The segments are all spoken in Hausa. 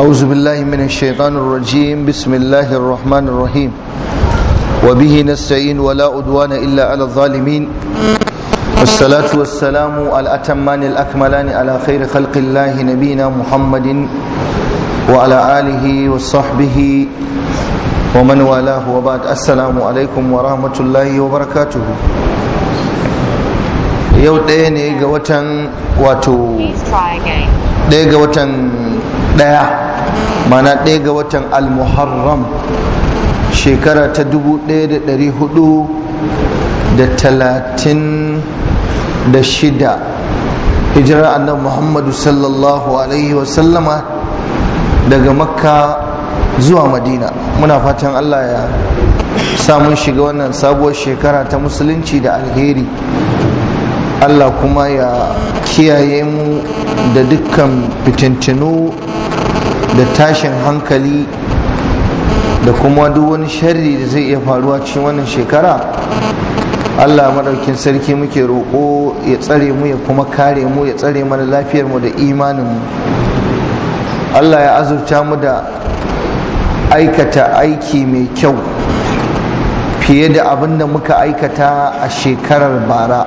أعوذ بالله من الشيطان الرجيم بسم الله الرحمن الرحيم وبه نستعين ولا أدوان إلا على الظالمين والصلاة والسلام الأتمان الأكملان على خير خلق الله نبينا محمد وعلى آله وصحبه ومن والاه وبعد السلام عليكم ورحمة الله وبركاته yau ɗaya ne ga watan wato ɗaya ga watan ɗaya mana ɗaya ga watan al-muharram shekara ta 1436 hijirar annabi muhammadu sallallahu alaihi wasallama daga makka zuwa madina muna fatan allah ya samun shiga wannan sabuwar shekara ta musulunci da alheri allah kuma ya kiyaye mu da dukkan fitintinu da tashin hankali da kuma duk wani sharri da zai iya faruwa cikin wannan shekara allah maɗaukin sarki muke roƙo ya tsare mu ya kuma kare mu ya tsare mana lafiyar mu da imanin mu allah ya azurta mu da aikata aiki mai kyau fiye da abin da muka aikata a shekarar bara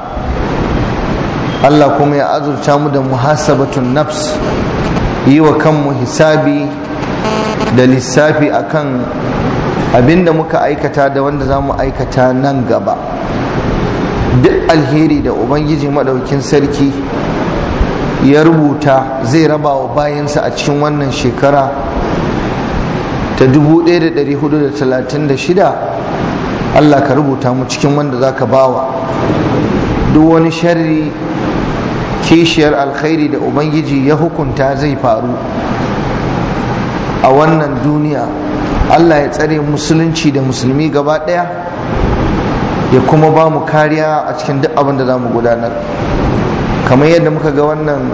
allah kuma ya azurta mu da muhasabatun nafs yi wa kanmu hisabi da lissafi akan da muka aikata da wanda za mu aikata nan gaba duk alheri da ubangiji maɗaukin sarki ya rubuta zai raba wa bayansa a cikin wannan shekara ta 1436 Allah ka rubuta mu cikin wanda za ka bawa duk wani sharri kishiyar alkhairi da ubangiji ya hukunta zai faru a wannan duniya allah ya tsare musulunci da musulmi gaba ɗaya ya kuma ba mu kariya a cikin duk abin da za mu gudanar kamar yadda muka ga wannan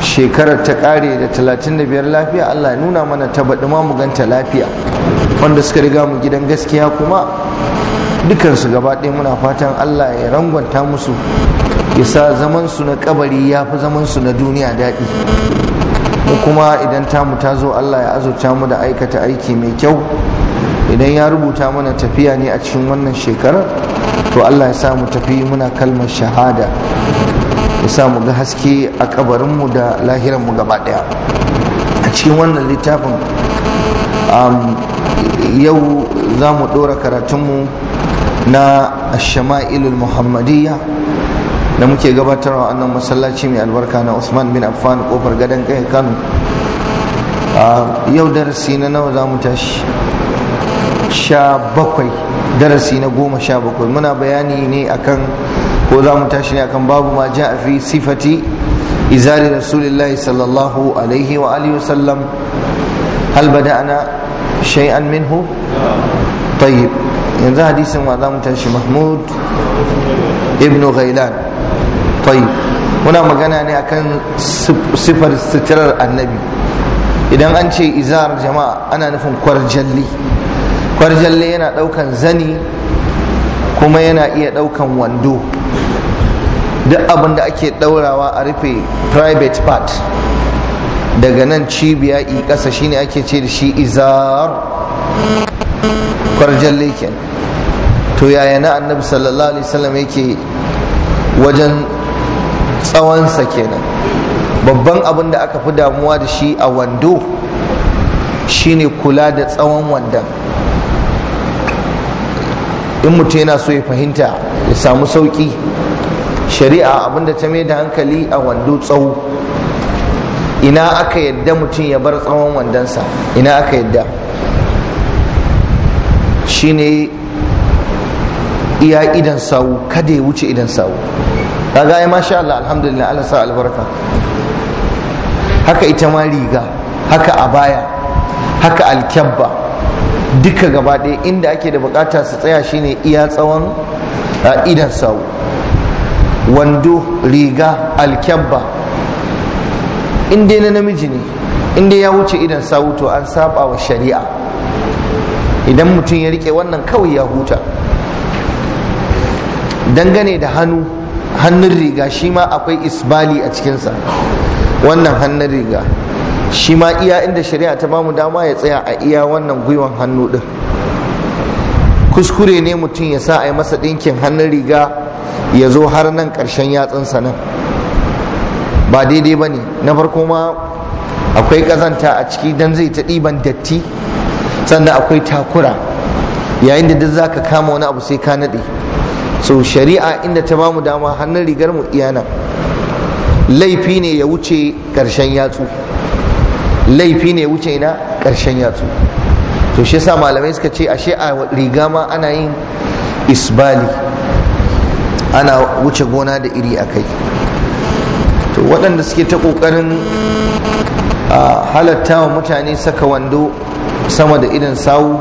shekarar ta kare da 35 lafiya Allah ya nuna mana ta ma mu ganta lafiya wanda suka riga mu gidan gaskiya kuma dukansu gaba ɗaya muna fatan Allah ya rangwanta musu Yasa zaman su na kabari ya fi zaman su na duniya daɗi mu kuma idan ta mu ta zo Allah ya azurta mu da aikata aiki mai kyau idan ya rubuta mana tafiya ne a cikin wannan shekarar to Allah ya sa mu tafi muna kalmar shahada ya sa mu ga haske a kabarinmu da lahiranmu gaba daya a cikin wannan littafin yau za mu ɗora karatunmu na Ashama'ilul muhammadiyya da muke gabatar wa annan masallaci mai albarka na Usman bin Affan kofar gadon kai Kano yau darasi na nawa za mu tashi sha bakwai darasi na goma sha bakwai muna bayani ne akan ko za mu tashi ne akan babu ma ja fi sifati izari rasulillahi sallallahu alaihi wa alihi wasallam hal bada'na shay'an minhu tayyib yanzu hadisin wa za mu tashi mahmud ibnu ghailan tayyib muna magana ne akan sifar sitirar annabi idan an ce izar jama'a ana nufin kwarjalli kwarjalli yana daukan zani kuma yana iya daukan wando duk abin da ake daurawa a rufe private part daga nan cibiya i ƙasa shine ake ce da shi izar kwarjalle ke to yaya na annabi sallallahu alaihi wasallam yake wajen tsawonsa kenan babban abin da aka fi damuwa da shi a wando shine kula da tsawon wandon in mutum yana so ya fahimta ya samu sauƙi shari'a abinda ta mai da hankali a wando tsawo ina aka yadda mutum ya bar tsawon wandonsa ina aka yadda shine iya idan sawu kada ya wuce idan sawu kaga ya masha Allah alhamdulillah Allah sa albarka haka ita ma riga haka abaya haka alkyabba duka gaba ɗaya inda ake da bukata su tsaya shine iya tsawon idan sau wando riga alkyabba in dai na namiji ne in ya wuce idan sau to an saba wa shari'a idan mutum ya rike wannan kawai ya huta dangane da hannu hannun riga shi ma akwai isbali a cikinsa wannan hannun riga shi ma iya inda shari'a ta bamu dama ya tsaya a iya wannan gwiwan hannu din kuskure ne mutum ya sa a yi masa ɗinkin hannun riga ya zo har nan ƙarshen yatsunsa nan ba daidai ba ne na farko ma akwai ƙazanta a ciki don zai ta ɗiban datti sannan akwai takura yayin da duk za ka kama wani abu sai ka naɗe so shari'a inda ta bamu dama hannun rigar mu iyana laifi ne ya wuce karshen yatsu laifi ne ya wuce ina karshen yatsu to shi yasa malamai suka ce ashe a riga ma ana yin isbali ana wuce gona da iri a kai to waɗanda suke ta ƙoƙarin halatta wa mutane saka wando sama da irin sawu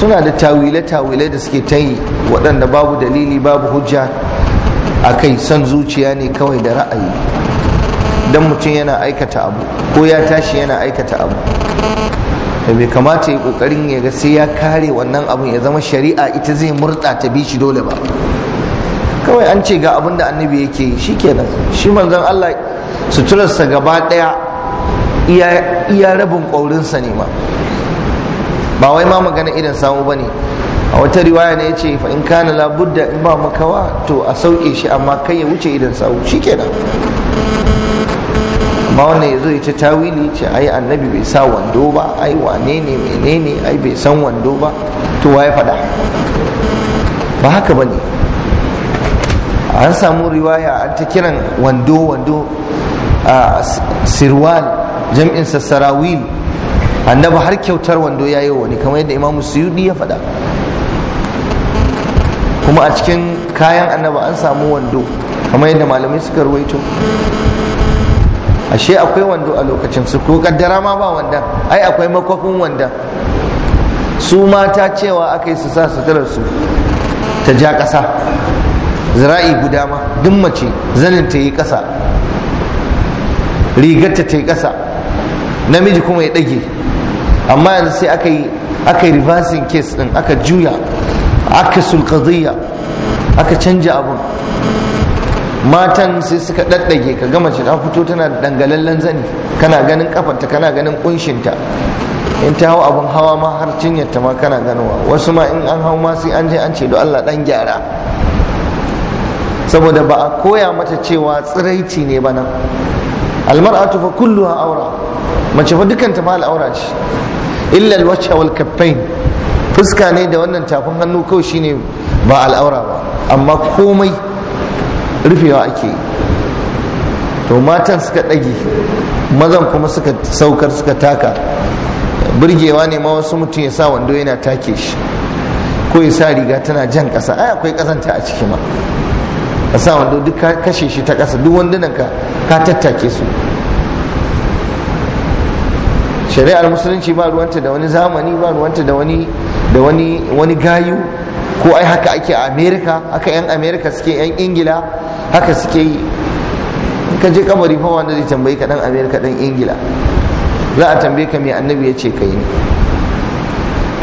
suna da tawile-tawile da suke tayi yi waɗanda babu dalili babu hujja a kai son zuciya ne kawai da ra'ayi don mutum yana aikata abu ko ya tashi yana aikata abu da bai kamata ya kokarin ya ga sai ya kare wannan abun ya zama shari'a ita zai murɗa ta bi shi dole ba kawai an ce ga abin da annabi yake yi shi kenan shi manzon Allah suturarsa gaba ɗaya iya rabin ƙwaurinsa ne ma ba wai ma magana idan samu ba ne a wata riwaya ne ya ce fa in kana labudda in ba makawa to a sauke shi amma kai ya wuce idan samu shi kenan amma wannan ya zo ya ce tawili ce ai annabi bai sa wando ba ai wane ne menene ai bai san wando ba to ya faɗa ba haka ba ne an samu riwaya an ta kiran wando wando a sirwal jam'in sassarawil annabi har kyautar wando ya yi wa wani kamar yadda imamu suyudi ya faɗa kuma a cikin kayan annabi an samu wando kamar yadda malamai suka ruwaito ashe akwai wando a lokacin su ko kaddara ma ba wanda ai akwai makwafin wanda su mata cewa aka yi su sa suturar su ta ja ƙasa zira'i guda ma duk mace zanin ta yi ƙasa rigarta ta yi ƙasa namiji kuma ya ɗage amma yanzu sai aka yi aka yi reversing case din aka juya aka sulqadiyya aka canja abun matan sai suka daddage ka ga mace ta fito tana dangalallen zani kana ganin kafarta kana ganin kunshinta in ta hau abin hawa ma har cinyarta ma kana ganowa wasu ma in an hau ma sai an je an ce do Allah dan gyara saboda ba a koya mata cewa tsiraici ne ba nan almar'atu fa kulluha aura mace fa dukkan ta al'aura ce illa wacce wal kaffain fuska ne da wannan tafin hannu kawai shine ba al'aura ba amma komai rufewa ake to matan suka ɗage mazan kuma suka saukar suka taka burgewa ne ma wasu mutum ya sa wando yana take shi ko ya sa riga tana jan ƙasa ai akwai ƙazanta a ciki ma a sa wando duk kashe shi ta ƙasa duk wandunan ka tattake su shari'ar musulunci ba ruwanta da wani zamani ba ruwanta da wani da wani wani gayu ko ai haka ake a america haka yan america suke yan ingila haka suke yi ka je kamari fa wanda zai tambayi ka dan america dan ingila za a tambaye ka me annabi ya ce kai ne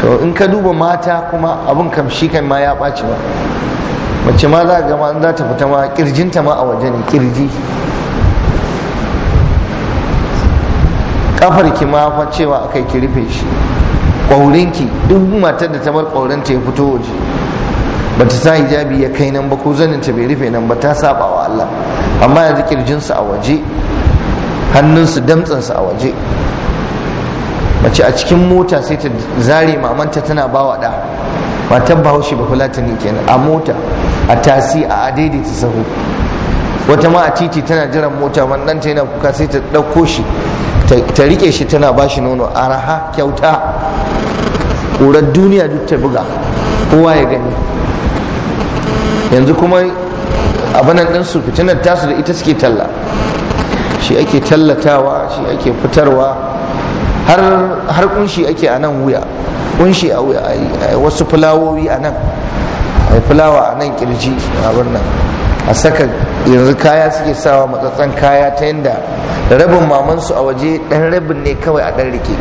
to in ka duba mata kuma abin kam shi kan ma ya ɓaci ba mace ma za ga ma za ta fita ma kirjinta ma a waje ne kirji kafarki ma fa cewa aka ki rufe shi ƙaurinki duk matar da ta bar ƙwaurinta ya fito waje ba ta sa hijabi ya kai nan ba ko zaninta bai rufe nan ba ta saba wa Allah amma yanzu kirjinsu a waje hannunsu damtsansu a waje mace a cikin mota sai ta zare mamanta tana ba wa ɗa matan bahaushe ba kula ta ne kenan a mota a tasi a adaidaita sahu wata ma a titi tana jiran mota wannan ta yana kuka sai ta ɗauko shi ta rike shi tana ba shi nono araha kyauta ƙurar duniya duk ta buga kowa ya gani yanzu kuma abinan ɗinsu fitinar tasu da ita suke talla shi ake tallatawa shi ake fitarwa har kunshi ake a nan wuya kunshi a wasu fulawowi a nan fulawa a nan kirji a nan a saka yanzu kaya suke sawa matsatsan kaya ta yadda rabin mamansu a waje ɗan rabin ne kawai a ɗan rike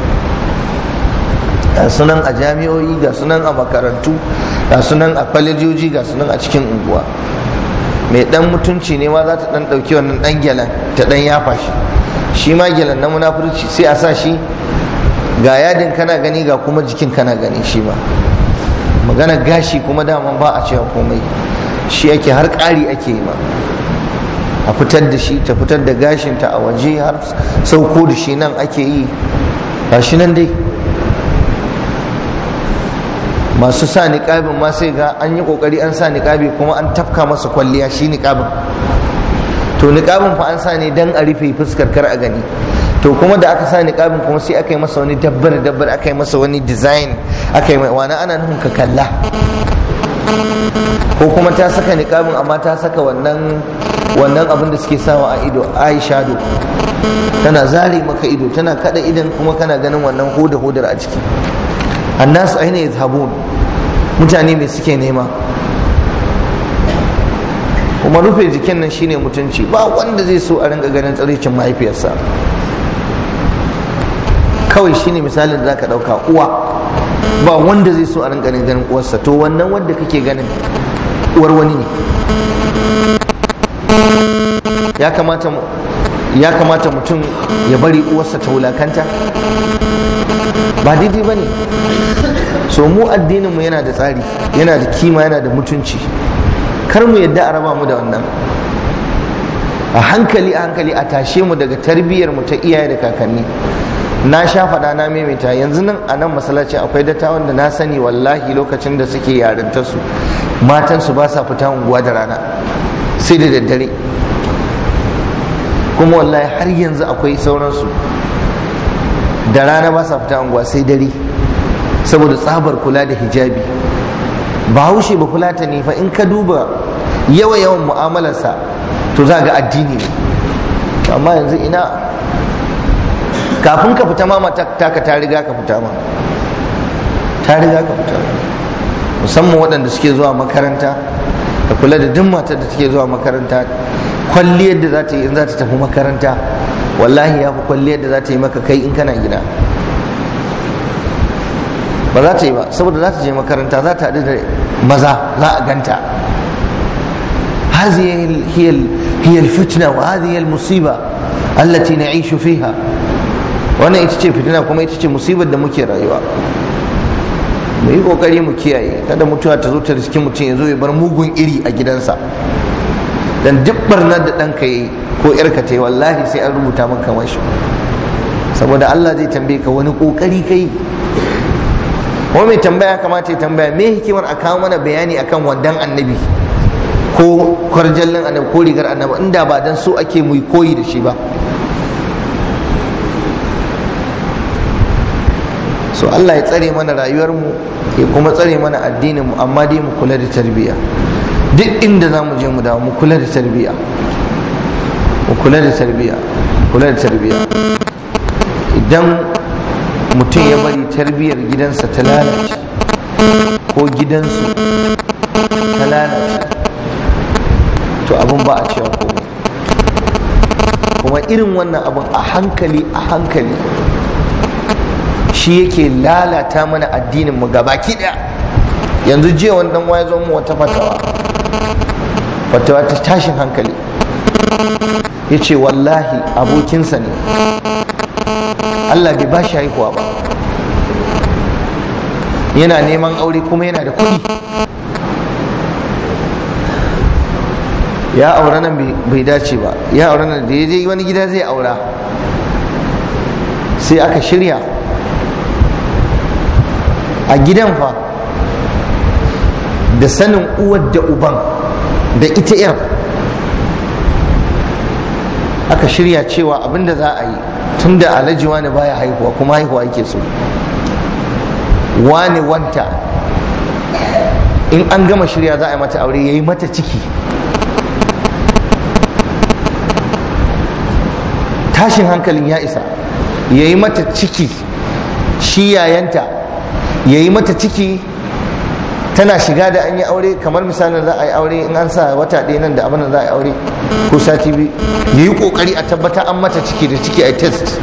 ga sunan a jami'o'i ga sunan a makarantu ga sunan a kwalejoji ga sunan a cikin unguwa mai ɗan mutunci ne ma za ta ɗan ɗauki wannan ɗan gyalan ta ɗan yafa shi shi ma gyalan na munafurci sai a sa shi ga yadin kana gani ga kuma jikin kana gani shi ma magana gashi kuma dama ba a cewa komai shi ake har ƙari ake yi ma a fitar da shi ta fitar da gashinta a waje har sauko da shi nan ake yi ba shi nan dai masu sa niƙabin ma sai ga an yi ƙoƙari an sa niƙabi kuma an tafka masa kwalliya shi niƙabin to niqabin fa an sa ne dan a rufe fuskar kar a gani to kuma da aka sa niqabin kuma sai aka yi masa wani dabbar dabbar aka yi masa wani design aka yi wani ana nufin ka kalla ko kuma ta saka niqabin amma ta saka wannan wannan abin da suke sawa a ido do, tana zare maka ido tana kada idan kuma kana ganin wannan hoda hodar a ciki annas aina yazhabun mutane me suke nema kuma rufe jikin nan shine mutunci ba wanda zai so a ringa ganin tsaricin mahaifiyarsa kawai shine misalin da zaka dauka uwa ba wanda zai so a ringa ganin uwarsa to wannan wanda kake ganin uwar wani ne ya kamata ya kamata mutum ya bari uwarsa ta wulakanta ba daidai ba ne so mu addininmu yana da tsari yana da kima yana da mutunci kar mu yadda a raba mu da wannan a hankali a hankali a tashe mu daga tarbiyyar mu ta iyaye da kakanni na sha faɗa na maimaita yanzu nan a nan masallaci akwai dattawan da na sani wallahi lokacin da suke yarintarsu matansu ba sa fita unguwa da rana sai da daddare kuma wallahi har yanzu akwai sauransu da rana ba sa fita unguwa sai dare saboda tsabar kula da hijabi ba haushe ba kula ta ne in ka duba yawa yawan mu'amalarsa to za ga addini ne amma yanzu ina kafin ka fita ma taka ta riga ka fita ma ta riga ka fita musamman waɗanda suke zuwa makaranta da kula da duk matar da take zuwa makaranta kwalliyar da za ta yi in za ta tafi makaranta wallahi ya fi kwalliyar da za ta yi maka kai in kana gida ba za ta yi ba saboda za ta je makaranta za ta haɗu da maza za a ganta هذه هي هي الفتنه وهذه هي المصيبه التي نعيش فيها وانا ita ce fitina kuma ita ce da muke rayuwa mu yi kokari mu kiyaye kada mutuwa ta zo ta riski mutum ya zo ya bar mugun iri a gidansa dan duk barnar da danka yi ko yarka ta yi wallahi sai an rubuta maka washi saboda Allah zai tambaye ka wani kokari kai ko mai tambaya kamata ya tambaya me hikimar a kawo mana bayani akan wandan annabi ko kwarjallan annabi ko rigar annabi inda ba dan so ake mu koyi da shi ba so Allah ya tsare mana rayuwarmu ya kuma tsare mana addinin mu amma dai mu kula da tarbiyya duk inda za mu je mu dawo mu kula da tarbiyya mu kula da tarbiyya kula da tarbiyya idan mutum ya bari tarbiyyar gidansa ta lalace ko gidansu ta lalace to abin ba a cewa ko kuma irin wannan abin a hankali a hankali shi yake lalata mana addinin mu kiɗa. yanzu jiya wani dan waya zo mu wata fatawa fatawa ta tashin hankali ya ce wallahi abokinsa ne Allah bai ba shi haihuwa ba yana neman aure kuma yana da kuɗi ya aure nan bai dace ba ya aure nan da ya je wani gida zai aura sai aka shirya a gidan fa da sanin uwar da uban da ita yar aka shirya cewa abinda za a yi tun da alhaji wani baya haihuwa kuma haihuwa yake so wani wanta in an gama shirya za a yi mata aure ya yi mata ciki tashin hankalin ya isa ya yi mata ciki shi yayanta ya yi mata ciki tana shiga da an yi aure kamar misalin za a yi aure in an sa wata ɗaya nan da abin za a yi aure ko sati biyu ya yi ƙoƙari a tabbata an mata ciki da ciki a yi test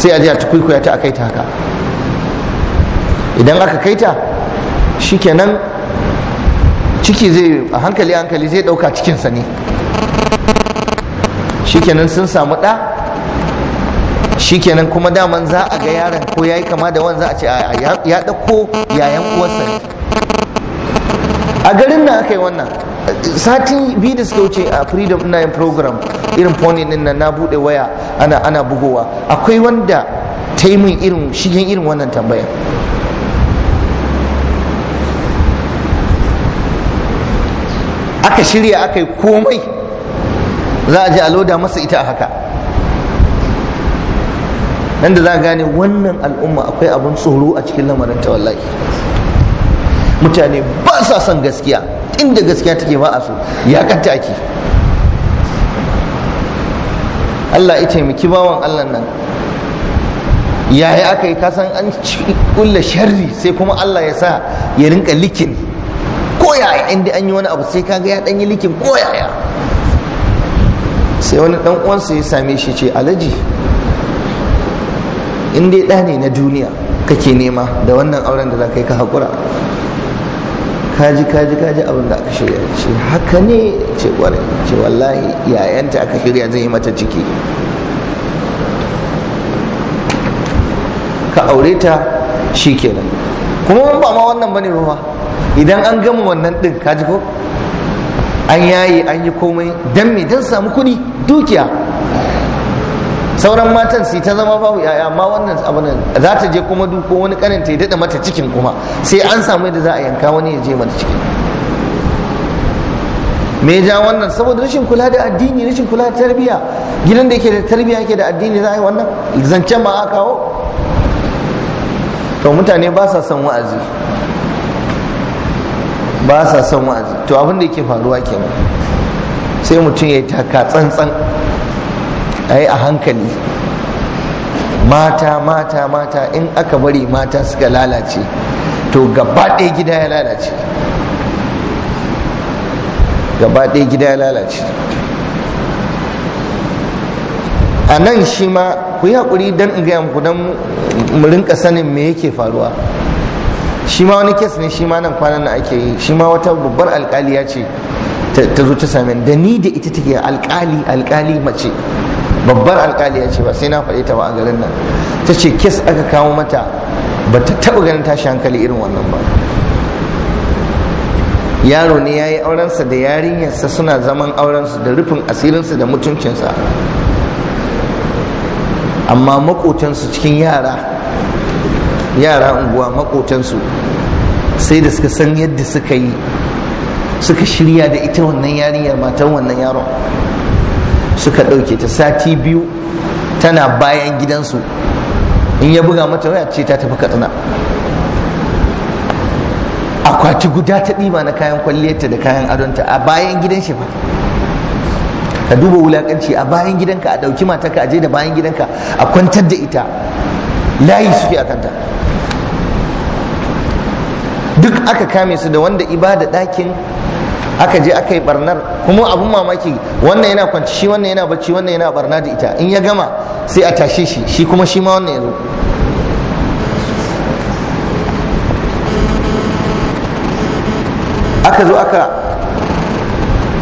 sai a je a tukwaikwaya ta a kai ta haka idan aka kai ta kenan ciki zai a hankali hankali zai ɗauka cikinsa ne shikenan sun samu ɗa shikenan kuma daman za a ga yaron ko yayi kama da wanzu za a ce ya dauko yayan uwarsa a garin na aka yi wannan satin biyu da suka wuce a freedom ina program irin pony din na bude waya ana ana bugowa akwai wanda ta yi min irin shigen irin wannan tambayar aka shirya aka yi komai za a je a loda masa ita a haka nan da za gane wannan al'umma akwai abin tsoro a cikin lamarin ta wallahi mutane ba sa son gaskiya inda gaskiya take ba a so ya kanta ake Allah ya taimaki bawan Allah nan yaya aka yi kasan an kulla sharri sai kuma Allah ya sa ya rinka likin ko yaya inda an yi wani abu sai kaga ya dan yi likin ko yaya sai wani dan uwansa ya same shi ce alaji in dai ɗa ne na duniya kake nema da wannan auren da za ka yi ka haƙura kaji kaji kaji abin da aka shirya ce haka ne ce ƙwarai. ce wallahi yayanta aka shirya zai yi mata ciki ka aure ta shi kenan kuma ba ma wannan bane ba idan an gama wannan din kaji ko an yayi an yi komai don me don samu kuɗi dukiya sauran matan sai ta zama babu yaya amma wannan abin za ta je kuma duko wani karin ta dada mata cikin kuma sai an samu yadda za a yanka wani ya je mata cikin me ja wannan saboda rashin kula da addini rashin kula da tarbiyya gidan da yake da tarbiyya yake da addini za a yi wannan zancen ma a kawo to mutane ba sa son wa'azi ba sa son wa'azi to abin da yake faruwa kenan sai mutum ya taka tsantsan a yi a hankali mata mata mata in aka bari mata suka lalace to gaba ɗaya gida ya lalace gabaɗe gida ya lalace a nan shi ma ku yi haƙuri don in gaya muku don mu rinka sanin me yake faruwa shi ma wani kes ne shi ma nan kwanan na ake yi shi ma wata babbar alƙaliya ce ta zo ta sami da ni da ita take alƙali alƙali mace babbar alkali ya ce ba sai na faɗi ta ba a garin nan ta ce kes aka kawo mata ba ta taɓa ganin tashi hankali irin wannan ba yaro ne ya yi aurensa da yarinyarsa suna zaman aurensu da rufin asirinsa da mutuncinsa amma makotansu cikin yara yara unguwa makotansu sai da suka san yadda suka yi suka shirya da ita wannan yarinyar matan wannan yaron suka ɗauke ta sati biyu tana bayan gidansu in ya buga mata waya ce ta tafi katsina akwati guda ta ɗima na kayan kwalliyarta da kayan adonta a bayan gidan shi fa ka duba wulaƙanci a bayan gidanka a ɗauki mataka a je da bayan gidanka a kwantar da ita layi suke a kanta duk aka kame su da wanda ibada ɗakin aka je aka yi barnar kuma abun mamaki wannan yana kwanci shi wannan yana bacci wannan yana barna da ita in ya gama sai a tashe shi shi kuma shi ma wannan ya zo aka zo aka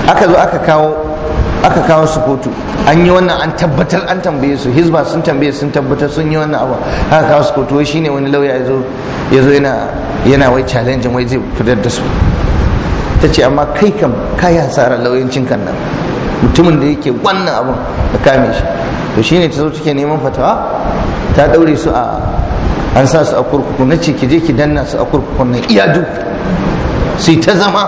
aka zo aka kawo aka kawo su kotu an yi wannan an tabbatar an tambaye su hizba sun tambaye sun tabbatar sun yi wannan abu aka kawo su kotu wai shine wani lauya ya zo yana yana wai challenge wai zai fitar da su ta ce amma kai kam ka yi lauyancin kan nan mutumin da yake wannan abun da kame shi to shine ta zo take neman fatawa ta daure su a an sa su a kurkuku na ce ki je ki danna su a kurkukun nan iya duk sai ta zama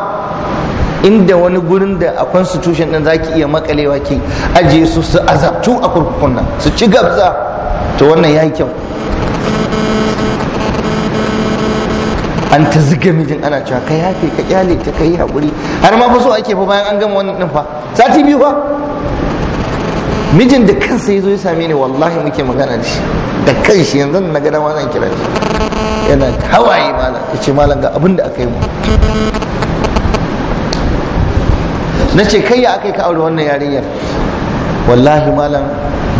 inda wani gurin da a constitution din zaki iya makalewa ki ajiye su su azabtu a kurkukun nan su ci gabza to wannan ya kyau an ta ziga mijin ana cewa kai yafe ka kyale ta kai haƙuri har ma fa so ake fa bayan an gama wannan din fa sati biyu fa mijin da kansa yazo ya same ni wallahi muke magana da shi da kanshi yanzu na ga dama nan kira shi yana hawaye malam yace malam ga abin da aka yi mu na ce kai ya aka yi ka aure wannan yarinyar wallahi malam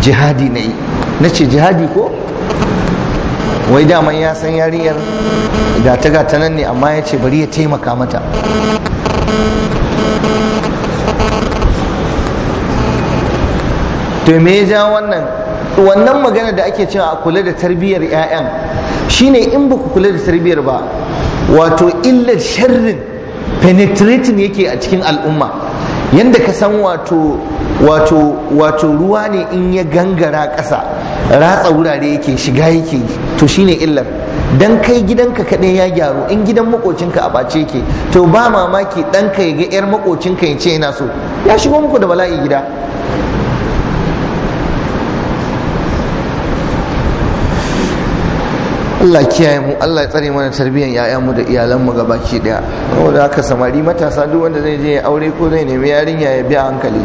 jihadi na yi na ce jihadi ko wai daman ya san yarinyar gata gata nan ne amma ya ce bari ya taimaka mata to me ya ja wannan wannan magana da ake cewa a kula da tarbiyyar 'ya'yan shine in ba ku kula da tarbiyyar ba wato illar sharrin penetrating yake a cikin al'umma yadda ka san wato wato ruwa ne in ya gangara ƙasa ratsa wurare yake shiga yake to shine illar dan kai gidanka kaɗai ya gyaru in gidan makocinka a ɓace yake to ba mamaki ɗanka ya ga 'yar makocinka ya ce yana so ya shigo muku da bala'i gida Allah kiyaye mu Allah ya tsare mana tarbiyyar 'ya'yanmu da iyalanmu ga baki daya saboda haka samari matasa duk wanda zai je ya aure ko zai nemi yarinya ya biya hankali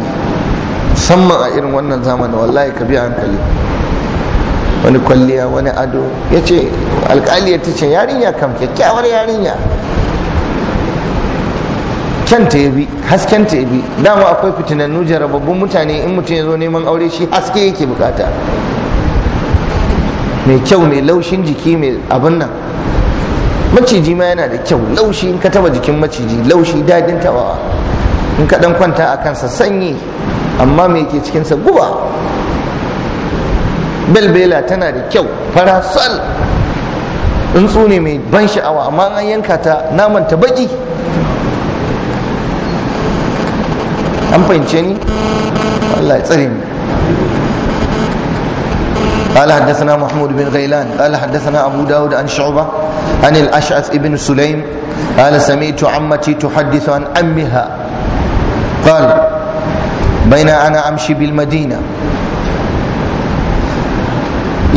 musamman a irin wannan zamanin wallahi ka biya hankali wani kwalliya wani ado ya ce alƙaliyar ta ce yarinya kam kyakkyawar yarinya kyanta ya bi haskenta ya bi dama akwai fitinannu jarababbun mutane in mutum ya zo neman aure shi haske yake bukata mai kyau mai laushin jiki mai abin nan maciji ma yana da kyau laushi in ka taba jikin maciji laushi dadin tabawa in ka dan kwanta a kansa sanyi amma mai ke cikinsa guba belbela tana da kyau farasal tsuntsu ne mai ban sha'awa amma an yanka ta naman ta baki an fahimce ni Allah ya tsare ni قال حدثنا محمود بن غيلان قال حدثنا أبو داود عن شعبة عن الأشعث بن سليم قال سمعت عمتي تحدث عن أمها قال بين أنا أمشي بالمدينة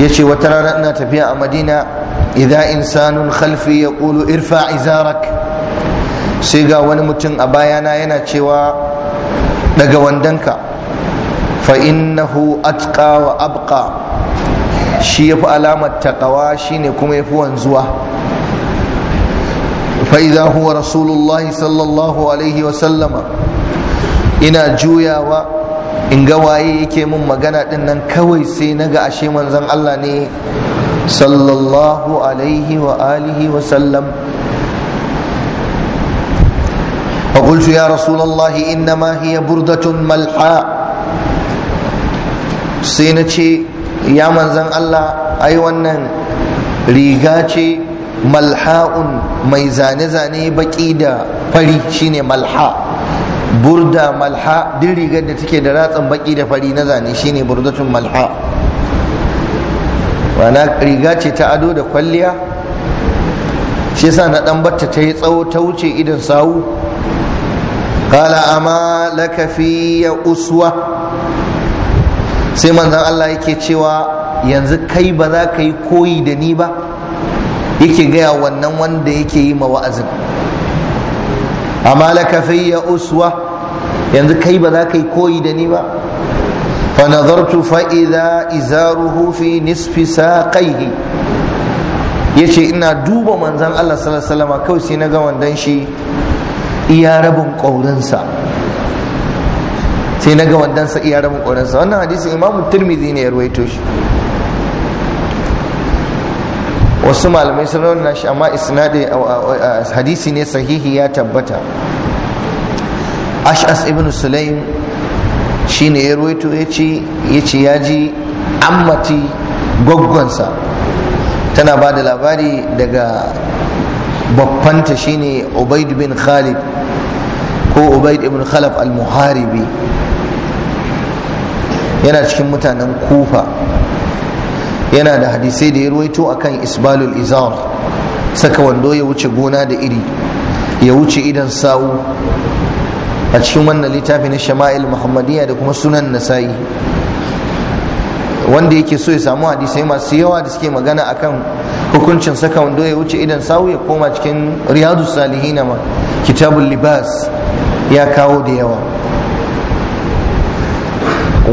yace wata rana ina tafiya a madina idza insanun khalfi yaqulu irfa izarak sai ga wani mutum a bayana yana cewa daga wandanka fa innahu atqa wa abqa shi yafi alamar taqawa shine kuma yafi wanzuwa fa idza huwa rasulullahi sallallahu alaihi wa sallama ina juyawa in ga waye yake mun magana din nan kawai sai na ga ashe manzon Allah ne sallallahu alaihi wa alihi wa sallam فقلت يا رسول الله انما هي برده ملحا sai na ce ya manzon Allah ai wannan riga ce malha'un mai zane-zane baki da fari shine malha' burda malha duk rigar da take da ratsan baki da fari na zane shine burdatun malha wana riga ce ta ado da kwalliya shi yasa na dan batta ta yi tsawo ta wuce idan sawu qala ama laka fi uswa sai manzon Allah yake cewa yanzu kai ba za ka yi koyi da ni ba yake gaya wannan wanda yake yi ma wa'azin amma laka fayya uswa yanzu kai ba za ka yi koyi da ni ba fa nazartu fa idza izaruhu fi nisfi saqaihi yace ina duba manzon Allah sallallahu alaihi wasallam kawai sai ga wandan shi iya rabin ƙaurinsa sai ga wandan sa iya rabin ƙaurinsa wannan hadisin imamu tirmidhi ne ya ruwaito shi wasu malamai sun na shi amma isnadi hadisi ne sahihi ya tabbata ash'as ibn sulaim shine ya ruwaito ya ce ya ji ammati gwaggonsa tana ba da labari daga babbanta shine ubaid bin khalid ko ubaid ibn khalaf al-muharibi yana cikin mutanen kufa yana da hadisai da ya ruwaito akan isbalul izar saka wando ya wuce gona da iri ya wuce idan sawu a cikin wannan littafi na shama'il muhammadiyya da kuma sunan nasa'i wanda yake so ya samu hadisai masu yawa da suke magana akan hukuncin saka wando ya wuce idan sawu ya koma cikin riyadu salihin ma kitabul libas ya kawo da yawa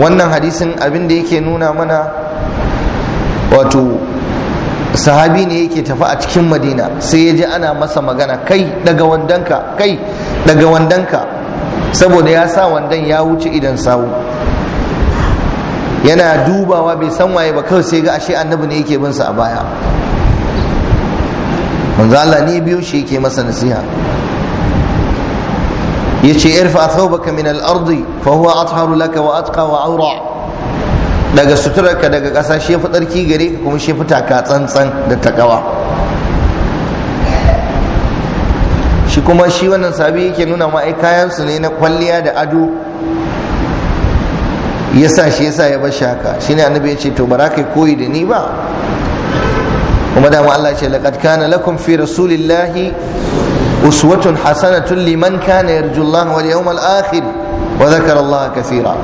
wannan hadisin abin da yake nuna mana wato sahabi ne yake tafi a cikin madina sai ya ji ana masa magana kai daga wandanka kai daga wandanka saboda ya sa wandan ya wuce idan sawu yana dubawa bai san waye ba kawai sai ga ashe annabi ne yake bin sa a baya manzo Allah ne biyo shi yake masa nasiha yace irfa thawbaka min al-ardi fa huwa atharu laka wa atqa wa awra' daga suturarka daga ƙasa shi fi tsarki gare ka kuma shi fi taka tsantsan da takawa shi kuma shi wannan sabi yake nuna ma kayansu ne na kwalliya da ado yasa shi yasa ya bar shaka shine annabi ya ce to bara kai koyi da ni ba kuma dama Allah ce laqad kana lakum fi rasulillahi uswatun hasanatun liman kana yarjullaha wal yawmal akhir wa dhakara Allah kathira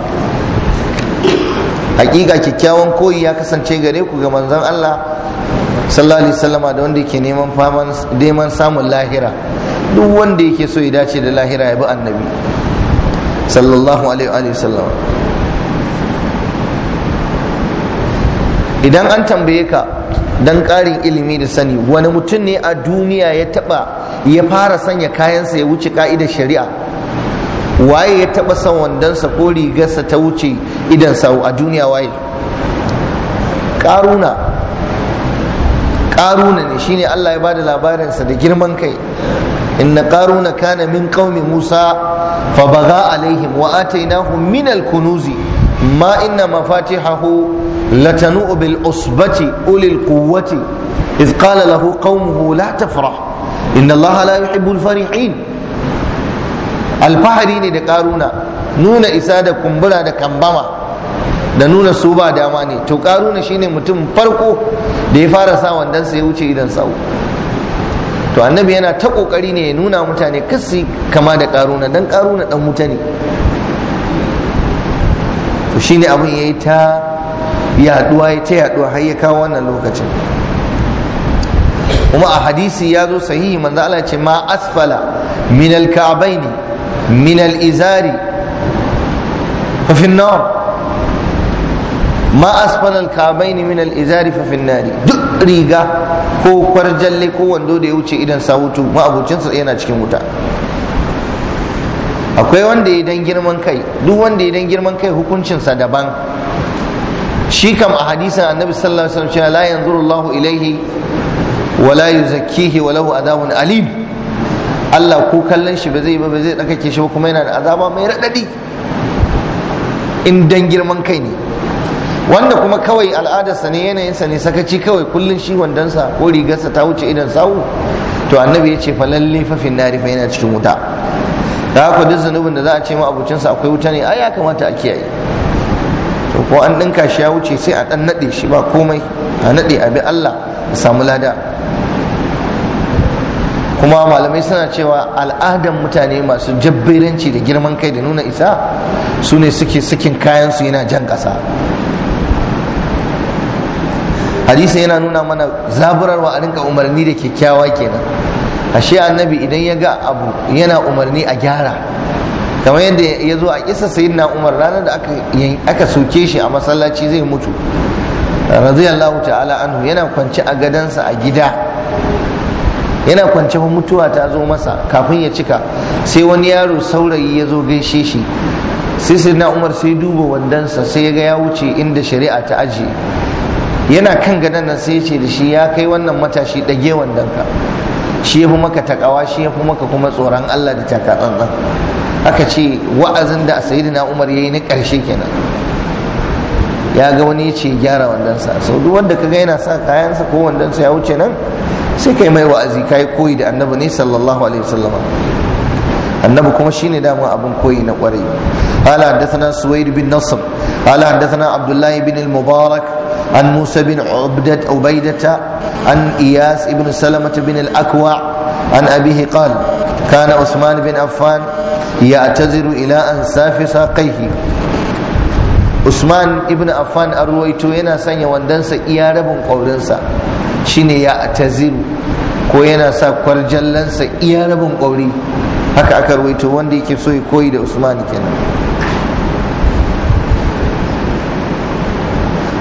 hakika kyakkyawan koyi ya kasance gare ku ga manzon Allah sallallahu alaihi wasallama da wanda yake neman faman neman samun lahira duk wanda yake so ya dace da lahira ya bi annabi sallallahu alaihi wasallama idan an tambaye ka dan ƙarin ilimi da sani wani mutum ne a duniya ya taba ya fara sanya kayansa ya wuce ka'idar shari'a waye ya taba son wandonsa ko rigarsa ta wuce idan sau a duniya waye karuna karuna ne shine Allah ya bada labarinsa da girman kai inna karuna kana min qaumi musa fa baga alaihim wa atainahu min al-kunuzi ma inna mafatihahu latanu bil usbati ulil quwwati إذ قال له قومه لا تفرح إن الله لا يحب الفرحين alfahari ne da karuna nuna isa da kumbura da kambama da nuna su ba dama ne to karuna shine mutum farko da ya fara sa wandansa ya wuce idan sau to annabi yana ta kokari ne ya nuna mutane kasi kama da karuna dan karuna dan wuta ne to shine abin yayi ta yaduwa ya ta yaduwa har ya kawo wannan lokacin kuma a hadisi ya zo sahihi manzo ce ma asfala min al ne. من الإزار ففي النار ما أسفل الكعبين من الإزار ففي النار duk riga ko kwarjalle ko wando da ya wuce idan sa wutu yana cikin wuta akwai wanda ya dan girman kai duk wanda ya girman kai hukuncinsa daban shi kam a hadisin annabi sallallahu alaihi wasallam cewa la yanzuru Allahu ilaihi walayu la yuzakkihi wa lahu adabun alim Allah ko kallon shi ba zai ba zai ke shi ba kuma yana da azaba mai raɗaɗi Indan girman kai ne wanda kuma kawai al'adarsa ne yanayinsa ne sakaci kawai kullum shi wandonsa ko rigarsa ta wuce idan sawu to annabi ya ce fa lalle fa fa yana cikin wuta da haka duk zunubin da za a ce ma sa akwai wuta ne ai ya kamata a kiyaye to ko an ɗinka shi ya wuce sai a ɗan naɗe shi ba komai a naɗe a bi Allah a samu lada kuma malamai suna cewa al'adan mutane masu jabberanci da girman kai da nuna isa su ne suke sakin kayansu yana jan ƙasa hadisi yana nuna mana zaburarwa a rinka umarni da kyakkyawa kenan ashe annabi idan ya ga abu yana umarni a gyara kamar yadda ya zo a kisa na umar ranar da aka soke shi a masallaci zai mutu radiyallahu ta'ala anhu yana kwanci a gadansa a gida yana kwance mutuwa ta zo masa kafin ya cika sai wani yaro saurayi ya zo gaishe shi sai sai na umar sai duba wandansa sai ya ga ya wuce inda shari'a ta ajiye yana kan gadon nan sai ya ce da shi ya kai wannan matashi ɗage wandanka shi ya fi maka takawa shi ya fi maka kuma tsoron allah da takatsantsan aka ce wa'azin da na umar ya yi na ƙarshe kenan ya ga wani ya ce gyara wandonsa sau duk wanda ka ga yana sa kayansa ko wandonsa ya wuce nan sai kai mai wa'azi kai koyi da annabi ne sallallahu alaihi wasallama annabi kuma shine dama abin koyi na kwarai ala haddathana suwaid bin nasr ala haddathana abdullahi bin al-mubarak an musa bin ubdat ubaidata an iyas ibn salamah bin al-akwa عن أبيه قال كان عثمان بن عفان يعتذر إلى أنساف ساقيه Usman ibn Affan a ruwaito yana sanya wandansa iya rabin kaurinsa. shine ya ataziru ko yana sa kwarjallansa iya rabin ƙwauri haka aka ruwaito wanda yake so ya koyi da usman kenan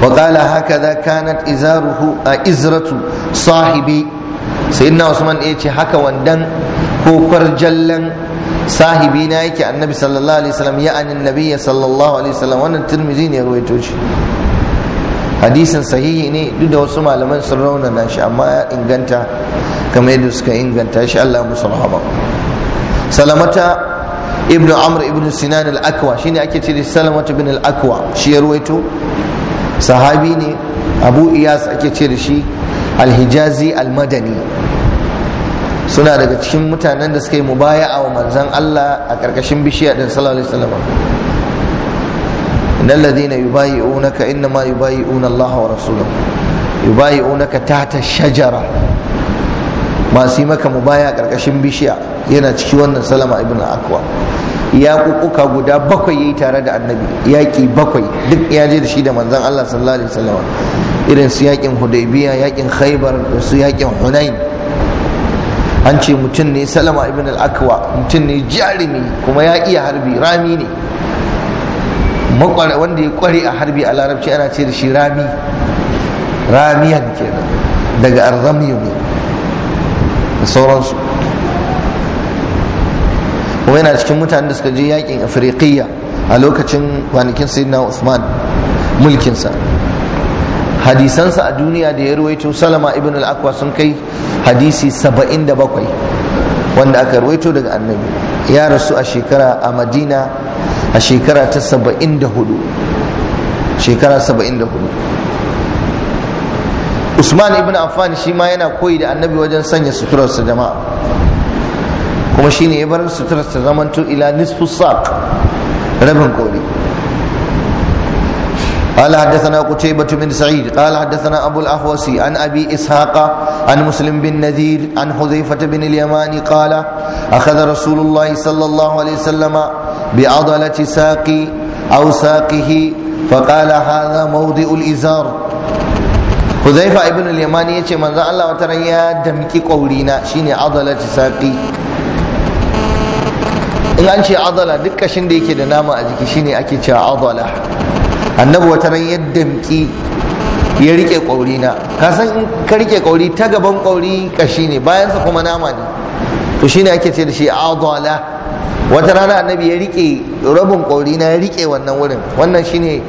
wa haka za kanat izaruhu a izratu sahibi sai ina usman ya ce haka wandan ko kwarjallan sahibi yake annabi sallallahu alaihi wasallam ya anin sallallahu alaihi wasallam wannan turmizi ne ya ruwaito hadisin sahihi ne duk da wasu malaman sun raunana shi amma ya inganta kamar yadda suka inganta shi Allah musu rahama salamata ibn amr ibn sinan al-akwa shine ake ce da salamatu bin al-akwa shi ya ruwaito sahabi ne abu iyas ake ce da shi al-hijazi al-madani suna daga cikin mutanen da suka yi mubaya'a wa manzon Allah a karkashin bishiya din sallallahu alaihi wasallam innal ladhina yubayi'unaka innama yubayi'una Allah wa rasulahu yubayi'unaka tahta shajara masu yi maka mubaya karkashin bishiya yana ciki wannan salama ibn akwa ya kukuka guda bakwai yayi tare da annabi yaki bakwai duk ya je da shi da manzon Allah sallallahu alaihi wasallam irin su yakin hudaybiya yakin khaybar da su yakin hunain an ce mutum ne salama ibn al-akwa mutum ne jarimi kuma ya iya harbi rami ne wanda ya kware a harbi a larabci ana ce da shi rami ramiyan kenan daga ne da sauransu kuma yana cikin mutanen da suka je yakin afirikiyya a lokacin kwanakin sayyidina usman mulkinsa hadisansa a duniya da ya ruwaito salama ibn al-akwa sun kai hadisi 77 wanda aka ruwaito daga annabi ya rasu a shekara a madina a shekara ta saba'in da hudu shekara saba'in usman ibn affan shi ma yana koyi da annabi wajen sanya suturarsa jama'a kuma shine ya bar suturarsa zamanto ila nisfu saq rabin kori قال حدثنا قتيبة بن سعيد قال حدثنا أبو الأفوسي عن أبي إسحاق عن مسلم بن نذير عن حذيفة بن اليمان قال أخذ رسول الله صلى الله عليه وسلم بعضلة ساقي أو ساقه فقال هذا موضع الإزار حذيفة بن اليمان يتي من ذا الله وترى يا دمكي قولينا شيني عضلة ساقي إن أنشي عضلة azala duk kashin da yake da nama عضلة annabi wata ran yadda ki ya rike kauri na ka san in ka rike kauri ta gaban kauri kashi ne bayan sa kuma nama ne to shine ake ce da shi adala wata rana annabi ya rike rabin kauri na ya rike wannan wurin wannan shine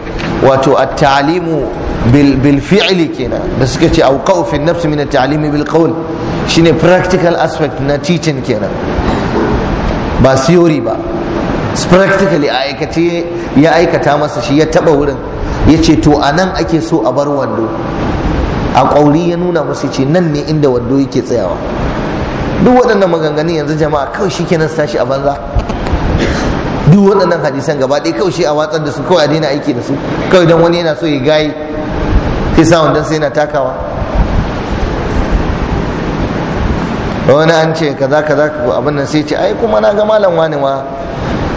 wato at-ta'limu bil bil kenan da suka ce auqa'u fi an-nafs min at-ta'limi bil qawl shine practical aspect na teaching kenan ba theory ba practically a aikace ya aikata masa shi ya taba wurin ya ce to a nan ake so a bar wando a ƙauri ya nuna musu ce nan ne inda wando yake tsayawa duk waɗannan maganganu yanzu jama'a kawai shi kenan sa tashi a banza duk waɗannan hadisan gaba ɗaya kawai shi a watsar da su kawai a daina aiki da su kawai don wani yana so ya gaye sai sa wandon sai yana takawa wani an ce kaza kaza abin nan sai ce ai kuma na ga malam wani ma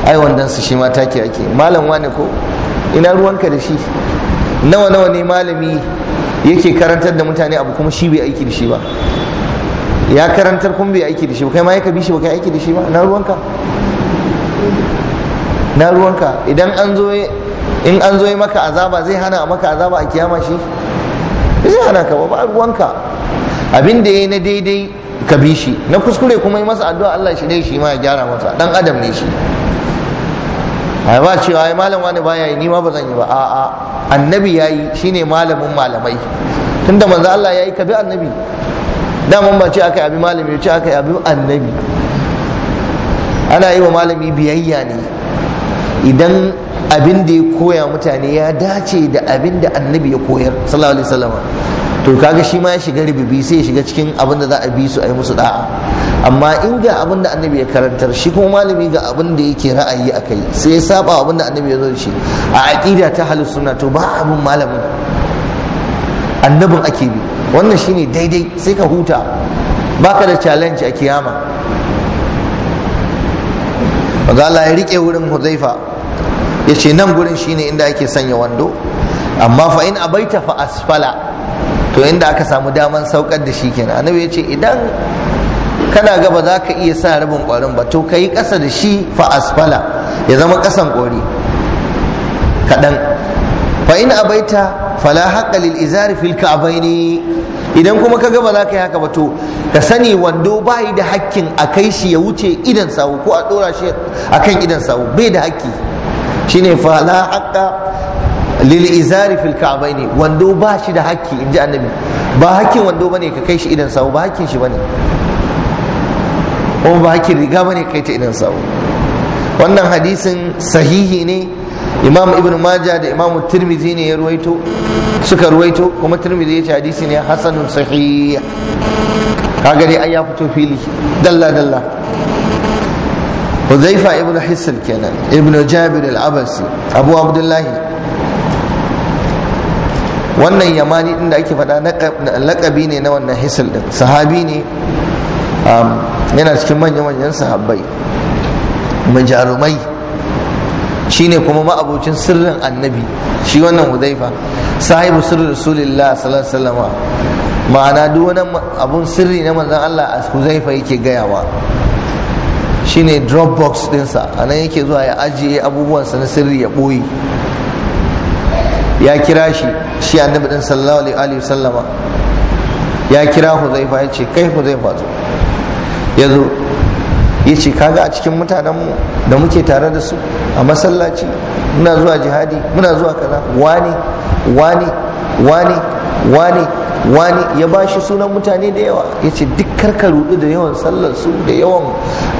ai wandan su shi ma take ake malam wane ko ina ruwanka da shi nawa nawa ne malami yake karantar da mutane abu kuma shi bai aiki da shi ba ya karantar kuma bai aiki da shi ba kai ma ya kabi shi ba kai aiki da shi ba na ruwanka na ruwanka idan an zo in an zo maka azaba zai hana maka azaba a kiyama shi zai hana ka ba ruwanka abin da yayi na daidai ka bi shi na kuskure kuma yi masa addu'a Allah shi dai shi ma ya gyara masa dan adam ne shi ai ba cewa ai malam wani baya yi ni ma ba zan yi ba a'a annabi yayi shine malamin malamai tunda manzo Allah yayi ka bi annabi mun ba ce akai abi malami ce aka abi annabi ana yi wa malami biyayya ne idan abin da ya koya mutane ya dace da abin da annabi ya koyar sallallahu alaihi wasallam to kaga shi ma ya shiga ribibi sai ya shiga cikin abin da za a bi su a yi musu da'a amma in ga abin da annabi ya karantar shi kuma malami ga abin da yake ra'ayi a kai sai ya saba abin da annabi ya zo da shi a aqida ta halus sunna to ba abin malamin annabin ake bi wannan shine daidai sai ka huta baka da challenge a kiyama maza Allah ya rike wurin Huzaifa ya ce nan gurin shine inda ake sanya wando amma fa in abaita fa asfala to inda aka samu daman saukar da shi kenan annabi ya ce idan kana gaba za ka iya sa rabin kwarin ba to ka yi ƙasa da shi fa asfala ya zama kasan kori kaɗan fa in abaita fala haqqa lil izari fil ka'baini idan kuma ka gaba za ka yi haka ba to ka sani wando bayi da hakkin a kai shi ya wuce idan sawu ko a dora shi a kan idan sawu bai da hakki shine fala haqqa lil izari fil ka'baini wando ba shi da hakki inji annabi ba hakkin wando bane ka kai shi idan sawo ba hakkin shi bane kuma ba hakkin riga bane kai ta idan sawo wannan hadisin sahihi ne imam ibn maja da imam tirmidhi ne ya ruwaito suka ruwaito kuma tirmidhi ya ce hadisi ne hasanun sahih ka gani ai ya fito fili dalla dalla Huzaifa ibn Hisal kenan ibn Jabir al-Abasi Abu Abdullahi wannan yamani din da ake faɗa lakabi ne na wannan hisil din sahabi ne um, yana cikin manya-manyan sahabbai majarumai ne kuma ma'abocin sirrin annabi shi wannan hudaifa sahibu sirrin rasulillah sallallahu alaihi wasallam ma'ana duk wani abun sirri na manzon Allah a hudaifa yake gayawa drop dropbox dinsa anan yake zuwa ya ajiye abubuwansa na sirri ya ɓoye ya kira shi shi annabi din sallallahu alaihi Sallama, ya kira huzaifa ya ce kai huzaifa zo ya zo ya ce kaga a cikin mutanen mu da muke tare da su a masallaci muna zuwa jihadi muna zuwa kaza wani wani wani wani wani ya ba shi sunan mutane da yawa ya ce duk karka rudu da yawan sallar su da yawan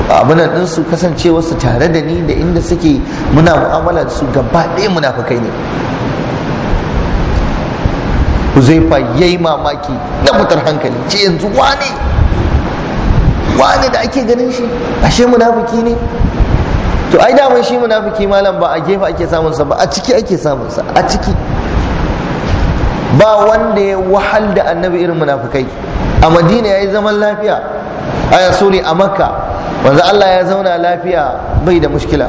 abinan ɗinsu kasancewa su tare da ni da inda suke muna mu'amala da su gaba ɗaya munafukai ne huzaifa yayi mamaki da mutar hankali ce yanzu wane wane da ake ganin shi ashe munafiki ne to ai daman shi munafiki malam ba a gefe ake samun sa ba a ciki ake samun sa a ciki ba wanda ya wahal da annabi irin munafikai a madina yayi zaman lafiya a yaso ne a makka wanda Allah ya zauna lafiya bai da mushkila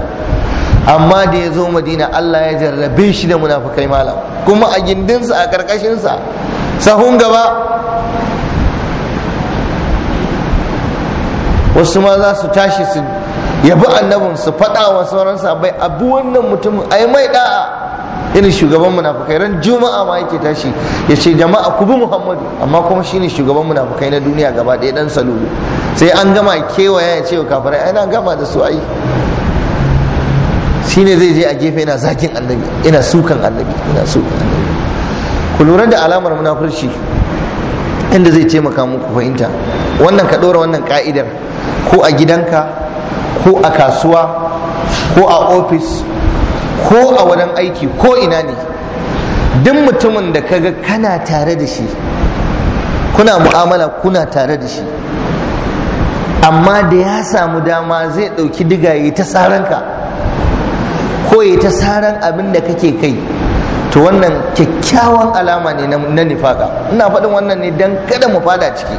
amma da ya zo madina Allah ya jarrabe shi da munafukai malam kuma a gindinsa a karkashinsa sahun gaba wasu ma za su tashi su yabi annabin su faɗa wa sauran sabai abu wannan mutumin ai mai da'a irin shugaban munafukai ran juma'a ma yake tashi ya ce jama'a ku bi muhammadu amma kuma shine shugaban munafukai na duniya gaba ɗaya dan salulu sai an gama kewaya ya ce wa kafirai ai na gama da su ai Shi ne zai je a gefe yana zakin annabi yana sukan annabi yana sukan annabi ku lura da alamar munafurci inda zai taimaka muku fahimta wannan ka ɗora wannan ka'idar ko a gidanka ko a kasuwa ko a ofis ko a wajen aiki ko ina ne duk mutumin da kaga kana tare da shi kuna mu'amala kuna tare da shi amma da ya samu dama zai ɗauki digaye ta saranka Koye ta saran abin da kake kai to wannan kyakkyawan alama ne na nifaka ina faɗin wannan ne don kada mu fada ciki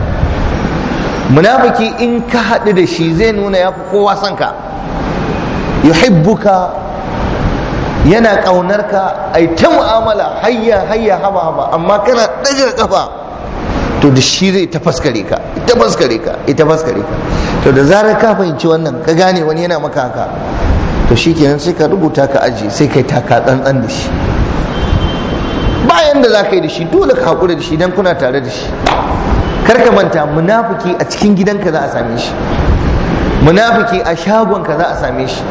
munafiki in ka haɗu da shi zai nuna ya fi kowa son ka yuhibbuka yana ƙaunar ka ai ta mu'amala hayya hayya haba haba amma kana ɗaga kafa to da shi zai ta faskare ka ita faskare ka ita faskare ka to da zarar ka fahimci wannan ka gane wani yana maka haka to shikenan sai ka rubuta ka aji sai kai taka tsantsan da shi bayan da za ka yi da shi dole ka haƙura da shi don kuna tare da shi karka manta munafiki a cikin gidanka za a same shi munafiki a shagonka za a same shi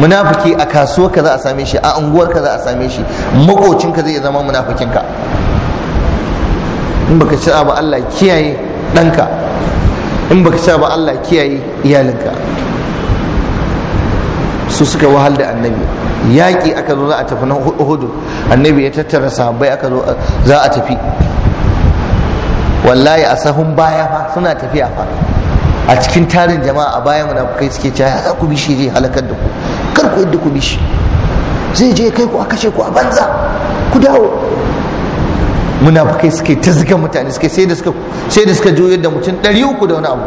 munafiki a kasuwarka za a same shi a unguwarka za a same shi makocinka zai zama munafikinka in baka ci ba Allah kiyaye ɗanka in baka ci ba Allah kiyaye iyalinka su suka wahal da annabi yaƙi aka zo za a tafi na hudu annabi ya tattara sahabbai aka zo za a tafi wallahi a sahun baya fa suna tafiya fa a cikin tarin jama'a a baya munafukai suke cewa ya ku bishi zai halakar da ku kar ku yadda ku bishi zai je kai ku a kashe ku a banza ku dawo munafukai suke ta ziga mutane suke sai da suka sai da suka juyar da mutum 300 da wani abu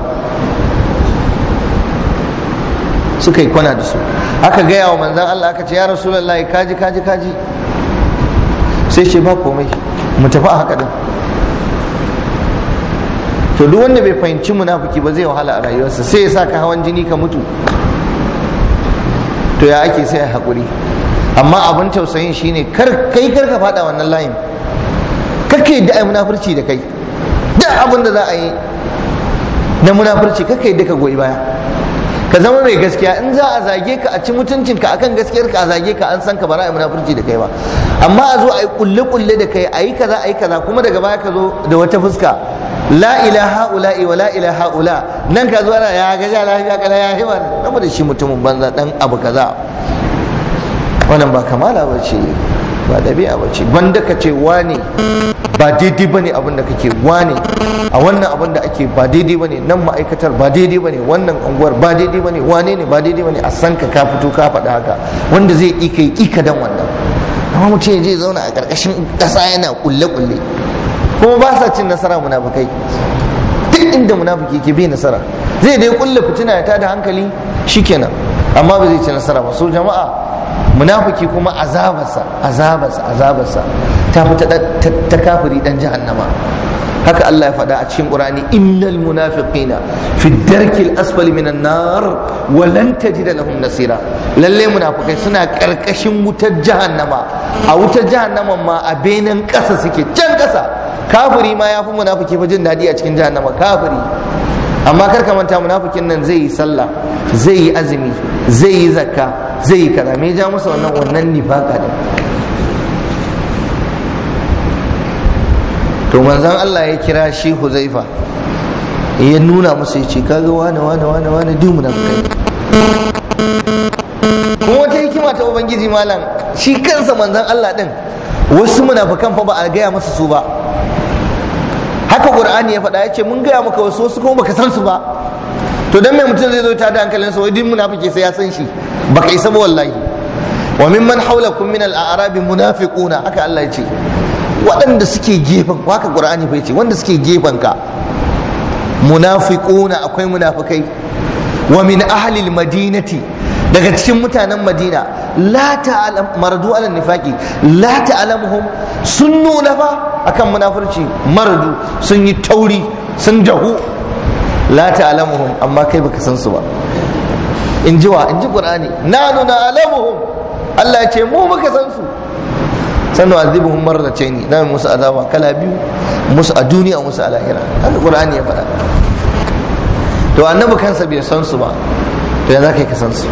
suka yi kwana da su aka gaya wa manzan Allah aka ce ya rasulullahi kaji kaji kaji sai ce ba komai mu tafi a haka din to duk wanda bai fahimci munafiki ba zai wahala a rayuwarsa sai ya sa ka hawan jini ka mutu to ya ake sai a haƙuri amma abin tausayin shine kar kai kar ka faɗa wannan layin kake da ai munafurci da kai duk abin da za a yi na munafurci kake da ka goyi baya ka zama mai gaskiya in za a zage ka a ci mutuncin ka akan gaskiyar ka a zage ka an san ka bara munafurci da kai ba amma a zo a yi kulle kulle da kai a yi kaza a yi kaza kuma daga baya ka zo da wata fuska la ilaha ula'i wa la ilaha ula nan ka zo ana ya gaja ya kana ya hiwa saboda shi mutumin banza dan abu kaza wannan ba kamala ba ce ba ɗabi'a ba ce banda ka ce wane ba daidai ba ne abin da kake wane a wannan abin da ake ba daidai ba ne nan ma'aikatar ba daidai ba ne wannan unguwar ba daidai ba ne wane ne ba daidai ba ne a san ka ka fito ka faɗa haka wanda zai ika yi ika dan wannan amma mutum ya je zauna a ƙarƙashin ƙasa yana kulle kulle kuma ba sa cin nasara munafukai duk inda munafuki ke bi nasara zai dai kulle fitina ya tada hankali shikenan amma ba zai ci nasara ba so jama'a munafiki kuma azabarsa azabarsa azabarsa ta fi ta kafiri dan jahannama haka Allah ya faɗa a cikin Qur'ani innal munafiqina fi darkil asfali minan nar wa lan tajida lahum nasira lalle munafikai suna karkashin wutar jahannama a wutar jahannama ma a benin ƙasa suke can ƙasa kafiri ma ya fi munafiki fa jin dadi a cikin jahannama kafiri amma kar ka manta munafikin nan zai yi sallah zai yi azumi zai yi zakka zai yi kaza me ja musu wannan wannan nifaka din to manzon Allah ya kira shi Huzaifa ya nuna musu ya ce kaga wane wane wane wane duk munafikai kuma wata hikima ta ubangiji malam shi kansa manzon Allah din wasu munafikan fa ba a gaya masa su ba haka qur'ani ya faɗa ya ce mun gaya maka wasu wasu kuma baka san su ba to dan mai mutum zai zo ta da hankalinsa wai duk munafiki sai ya san shi baka isa ba wallahi wa mimman haulakum min al-a'rabi munafiquna haka Allah ya ce waɗanda suke gefen haka qur'ani bai ce wanda suke gefen ka munafiquna akwai munafikai wa min ahli al-madinati daga cikin mutanen madina la ta'lam maradu ala nifaqi la ta'lamuhum sun nuna fa akan munafurci maradu sun yi tauri sun jahu la ta'lamuhum amma kai baka san su ba in ji wa in ji qur'ani nanu alamuhum Allah ya ce mu muka san su sannu azibuhum marratayn dan musu azaba kala biyu musu a duniya musu a lahira haka qur'ani ya faɗa to annabi kansa bai san su ba to yanzu kai ka san su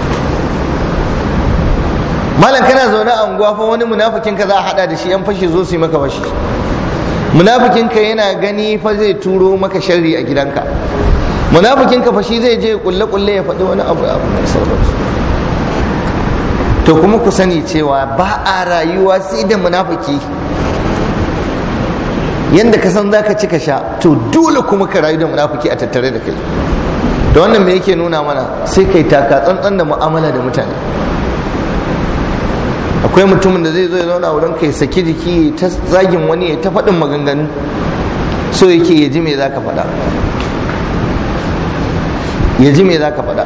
malam kana zaune a unguwa fa wani munafikin ka za a hada da shi yan fashi zo su yi maka fashi munafikinka yana gani fa zai turo maka sharri a gidanka munafikinka fa shi zai je kulle kulle ya faɗi wani abu abu da sauransu to kuma ku sani cewa ba a rayuwa sai da munafiki yanda ka san zaka cika sha to dole kuma ka rayu da munafiki a tattare da kai da wannan me yake nuna mana sai kai taka tsantsan da mu'amala da mutane akwai mutumin da zai zo ya zauna wurin kai saki jiki ta zagin wani ya ta faɗin maganganu so yake ya ji me za ka faɗa ya ji me za ka faɗa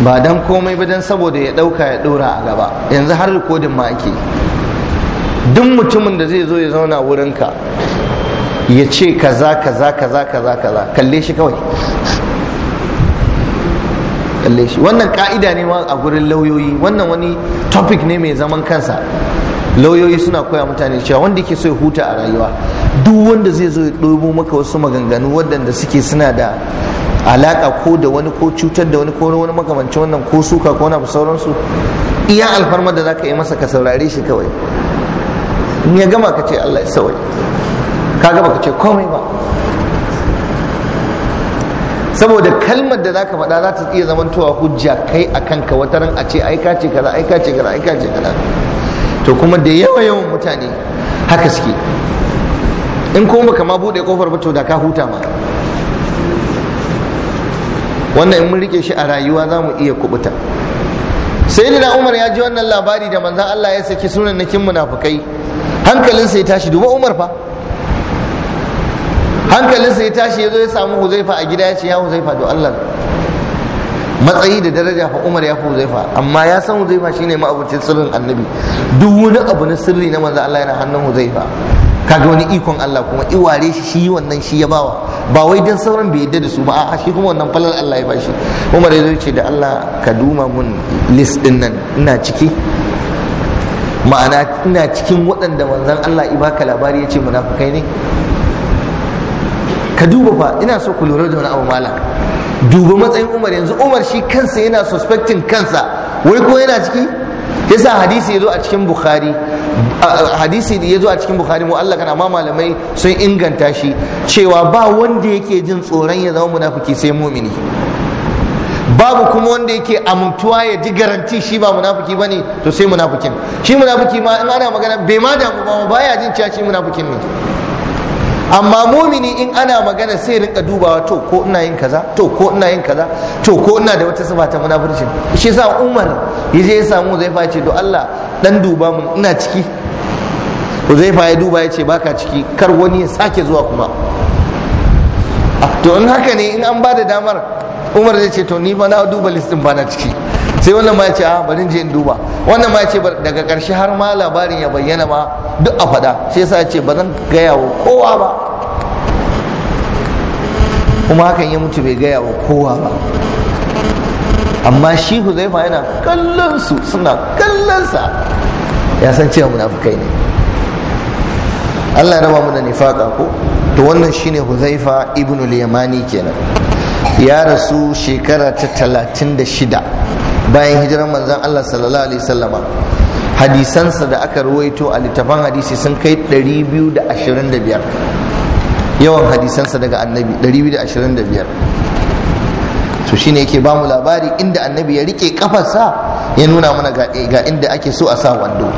ba dan komai ba dan saboda ya ɗauka ya ɗora a gaba yanzu har rikodin ma ake duk mutumin da zai zo ya zauna wurinka ya ce kaza kaza kaza kaza kaza kalle shi kawai kalle shi wannan ka'ida ne ma a gurin lauyoyi wannan wani topic ne mai zaman kansa lauyoyi suna koya mutane cewa wanda ke so ya huta a rayuwa duk wanda zai zo ya ɗobo maka wasu maganganu waɗanda suke suna da alaƙa ko da wani ko cutar da wani ko wani makamancin wannan ko suka ko wani sauransu iya alfarmar da zaka yi masa ka saurare shi kawai in ya gama ka ce Allah ya ka gaba ka ce komai ba saboda kalmar da zaka faɗa za ta iya zamantowa hujja kai a kanka wata ran a ce aika ce kaza aika ce kaza aika ce kaza to kuma da yawa yawan mutane haka suke in kuma kama buɗe kofar ba to da ka huta ma wannan in mun rike shi a rayuwa za mu iya kubuta da umar ya ji wannan labari da manzan Allah ya saki sunan nakin munafukai hankalinsa ya tashi duba umar fa hankalinsa ya tashi ya zo ya samu huzaifa a gida ya ce ya huzaifa do Allah matsayi da daraja fa Umar ya fi huzaifa amma ya san huzaifa shine ma'abucin sirrin annabi duk wani abu na sirri na manzo Allah yana hannun huzaifa kaga wani ikon Allah kuma iware shi shi wannan shi ya bawa ba wai dan sauran bai yadda da su ba a shi kuma wannan falal Allah ya bashi Umar ya ce da Allah ka duma mun list din nan ina ciki ma'ana ina cikin waɗanda manzon Allah ibaka labari ya ce munafukai ne ka duba fa ina so ku lura da wani abu mala duba matsayin umar yanzu umar shi kansa yana suspecting kansa wai ko yana ciki yasa hadisi ya zo a cikin bukhari hadisi ya zo a cikin bukhari Allah kana amma malamai sun inganta shi cewa ba wanda yake jin tsoron ya zama munafiki sai mumini babu kuma wanda yake amintuwa ya ji garanti shi ba munafiki bane to sai munafikin shi munafiki ma ana magana bai ma damu ba baya jin cewa shi munafikin ne amma mumini in ana magana sai rinka dubawa to ko ina yin kaza to ko ina yin kaza to ko ina da wata sifa ta munafurci, shi yasa Umar yaje ya samu zai fa ce to Allah dan duba mun ina ciki fa ya duba ya ce baka ciki kar wani ya sake zuwa kuma to in haka ne in an ba da damar Umar zai ce to ni ma na duba listin ba na ciki sai wannan ma ya ce a ah, bari je in duba wannan ma ya ce daga karshe har ma labarin ya bayyana ma duk a faɗa sai sa ce ba zan gaya wa kowa ba kuma hakan ya mutu bai gaya wa kowa ba amma shi huzaifa yana kallon su suna kallon sa ya san cewa munafukai ne Allah ya raba mu da nifaka ko to wannan shine huzaifa ibnu al-yamani kenan ya rasu shekara ta talatin da shida bayan hijirar manzan Allah sallallahu alaihi sallama hadisansa da aka ruwaito a littafan hadisi sun kai 225 yawan hadisansa daga annabi 225 to shine yake bamu labari inda annabi ya rike kafarsa ya nuna mana ga inda ake so a sa wando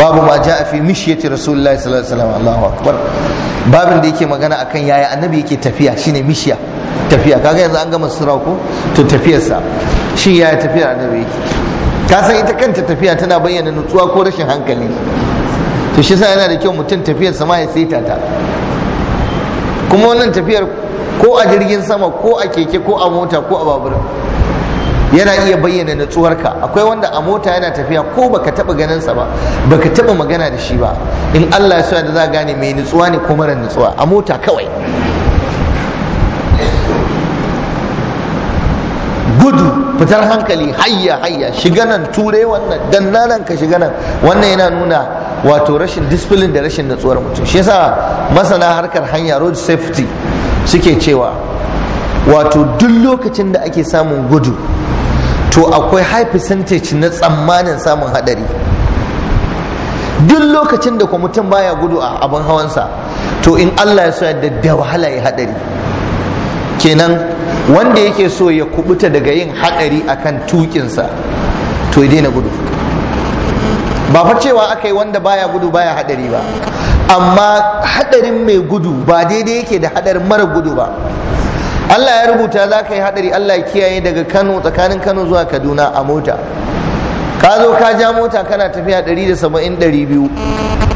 babu ma ja'a fi mishyati rasulullahi sallallahu alaihi wasallam Allahu akbar babin da yake magana akan yaya annabi yake tafiya shine mishiya tafiya kaga yanzu an gama sura ko to tafiyarsa shi ya yi tafiya bai yi ka san ita kanta tafiya tana bayyana nutsuwa ko rashin hankali to shi sa yana da kyau mutum tafiyarsa ma ya saita ta kuma wannan tafiyar ko a jirgin sama ko a keke ko a mota ko a babur yana iya bayyana nutsuwarka, akwai wanda a mota yana tafiya ko baka taba ganinsa ba baka taba magana da shi ba in Allah ya so da za gane mai nutsuwa ne ko mara nutsuwa a mota kawai gudu fitar hankali hayya hayya shiga nan ture wannan danna nan ka shiga nan wannan yana nuna wato rashin discipline da rashin natsuwar mutum shi yasa masana harkar hanya road safety suke cewa wato duk lokacin da ake samun gudu to akwai high percentage na tsammanin samun hadari duk lokacin da kuma mutum baya gudu a abin hawansa to in Allah ya so yadda da wahala ya hadari kenan wanda yake so ya kubuta daga yin hadari akan tukinsa to ya daina gudu ba fa cewa aka yi wanda baya gudu baya haɗari ba amma haɗarin mai gudu ba daidai yake da haɗarin mara gudu ba Allah ya rubuta za ka yi haɗari Allah ya kiyaye daga Kano tsakanin Kano zuwa Kaduna a mota ka zo ka ja mota kana tafiya 170 biyu.